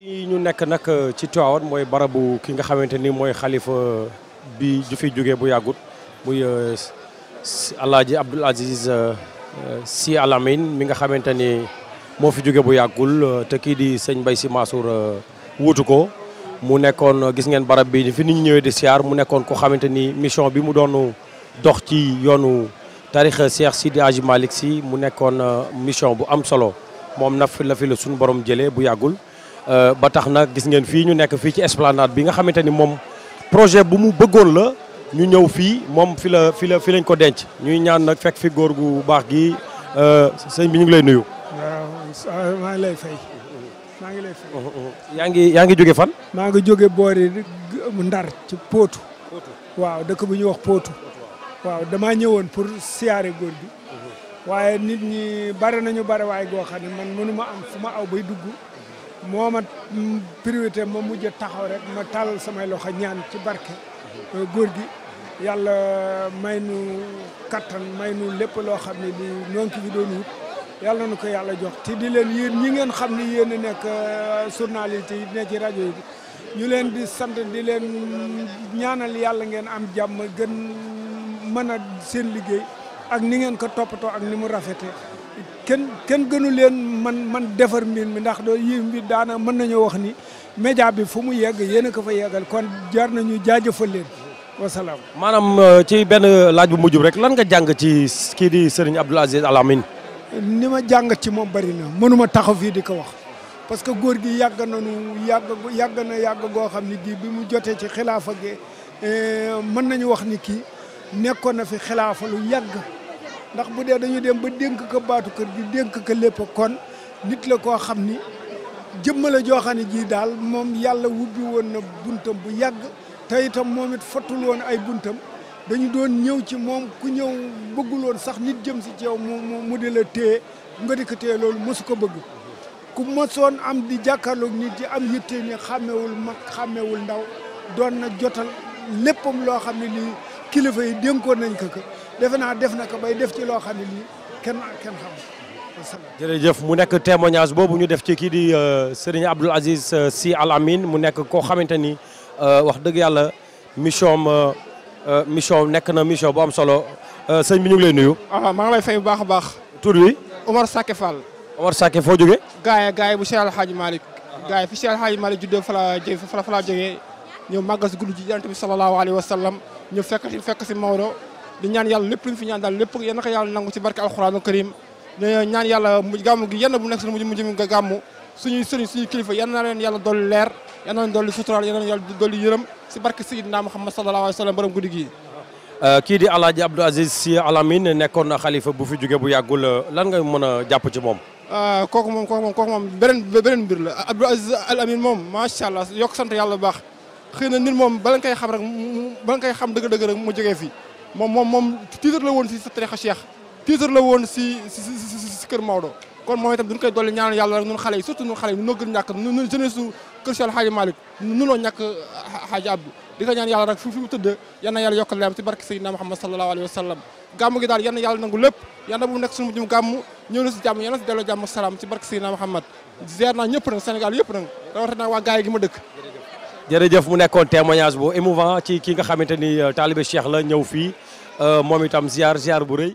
yi ñu nekk nag euh, ci Tivaouane mooy barabu ki nga xamante ni mooy xalifa bi ju fi jóge bu yàggut muy euh, alaaji Abdoul Aziz euh, Sy Al Amine mi nga xamante ni moo fi jóge bu yàggul te kii di sëñ mbay Sy Mansour wuutu ko mu nekkoon gis ngeen barab bi fi ni ñu ñëwee di siyaar mu nekkoon ko xamante ni mission bi mu doon dox ci yoonu tarix Cheikh Sidi Hadji Malick Sy mu nekkoon mission bu am solo moom na fi la fi la suñu borom jëlee bu yàggul Euh, ba tax na gis ngeen fii ñu nekk fii ci esplanade bi nga xamante ni moom projet bu mu bëggoon la ñu ñëw fii moom fi la fi la lañ ko denc ñuy ñaan nag fekk fi góor gu baax gi euh, sëñ bi ñu ngi lay nuyu. maa ngi lay fay. maa ngi lay fay. Uh-huh, uh-huh. yaa ngi yaa ngi jóge fan. maa ngi jóge boori Ndar ci Pootu. waaw dëkk bu ñu wax Pootu. waaw damaa ñëwoon pour siyaare góor gi. Uh-huh. waaye nit ñi bare nañu bare waaye goo xam man mënu ma am fu ma aw bay dugg. moo ma priorité ma mujj taxaw rek ma tàllal samay loxo ñaan ci barke euh, góor gi yàlla may nu kattan may nu lépp loo xam ne di ñoo ngi fi doon wut yàlla na ko yàlla jox ti di leen yéen ñi ngeen xam ne yéen a nekk euh, journaliste yi ne ci rajo yi ñu leen di sant di leen ñaanal yàlla ngeen am jàmm gën mën a seen liggéey ak ni ngeen ko toppatoo ak ni mu rafete kenn kenn gënu leen man man defar mbiir mi ndax doo yii mbir daana mën nañoo wax ni média bi fu mu yegg yéen a ko fa yeggal kon jaar nañu jaajëfal leen wasalaam. maanaam euh, ci benn laaj bu mujj rek lan nga jàng ci kii di Serigne Abdoul Aziz Al Amine ni ma jàng ci moom bari na mënuma taxaw fii di ko wax parce que góor gi yàgg nañu yàgg yàgg na yàgg goo xam ni gi bi mu jotee ci xilaafa gi euh, mën nañu wax ni kii nekkoon na fi xilaafa lu yàgg. ndax bu dee dañuy dem ba dénk ko baatu kër gi dénk ko lépp kon nit la koo xam ni jëmm la joo xam ne jii daal moom yàlla wubbi woon na buntam bu yàgg te itam moom it fottul woon ay buntam dañu doon ñëw ci moom ku ñëw bëggul woon sax nit jëm si ci yow mu mu di la téye nga di ko téye loolu mosu ko bëgg ku mosoon am di jàkkaarloog nit yi am yitte ni xàmmewul mag xàmmewul ndaw doon na jotal léppam loo xam ne lii kilifa yi dénkoon nañ ko defe naa def na ko bay def ci loo xam ne lii kenn kenn xam jërëjëf mu nekk témoignage boobu ñu def ci kii di euh, Serigne Abdoul Aziz euh, si Al Amine mu nekk koo xamante ni euh, wax dëgg yàlla mission am mission nekk na mission bu am solo sëñ bi ñu ngi lay nuyu. waaw ah, maa ngi lay fay baax baax. tur bi. Omar Saké Fall. Omar Saké foo jógee. gaay gaay bu Cheikh Al Hadj Malick. gaay fi Cheikh Al Hadj Malick juddoo fa laa jógee fa laa jógee ñëw guddi ji bi sallallahu alayhi wa ñu fekk si fekk si Maodo. di ñaan yàlla lépp luñ fi ñaan daal lépp yal na ko yàlla nangu ci barke alxuraanu karim ñaan yàlla mu gàmm gi yenn bu nekk suñu mujj mujj mi nga gàmm suñuy sëriñ kilifa yal na leen yàlla dolli leer yal na leen dolli suturaal yal na leen yàlla dolli yërëm si barke Seydina Muhammad sallallahu alayhi wa sallam borom guddi gi euh, kii di alaaji Abdou Aziz Sy Al Amine nekkoon na xalifa bu fi jóge bu yàggul euh, lan nga mën a jàpp ci moom euh, kooku moom kooku moom kooku moom beneen beneen mbir la Abdou Al Amine moom macha allah yokk sant yàlla bu baax na nit moom bala nga xam rek bala koy xam dëgg-dëgg rek mu jógee fii moom moom moom titre la woon si sa tarixa Cheikh la woon si si kër Maodo kon moom itam duñ koy dolli ñaanal yàlla rek ñun xale yi surtout ñun xale yi ñun ñoo gën ñàkk ñun jeunesse su kër Cheikh Alhaji Malick ñun loo ñàkk Haji Abdou di ko ñaan yàlla rek fu fi mu tëdd yal na yàlla yokkal leeram si barke Seydina Muhammad sallallahu alayhi wa sallam gàmmu gi daal yal na yàlla nangu lépp yal bu mu nekk suñu mujjum gàmmu ñëw na si jàmm yal na si delloo jàmm salaam si barke Seydina Muhammad ziar naa ñëpp nag Sénégal yëpp na rawatina waa gaay gi ma dëkk jërëjëf mu nekkoon témoignage bu émouvant ci ki nga xamante ni euh, taalibe Cheikh la ñëw fii euh, moom itam ziar ziar bu rëy.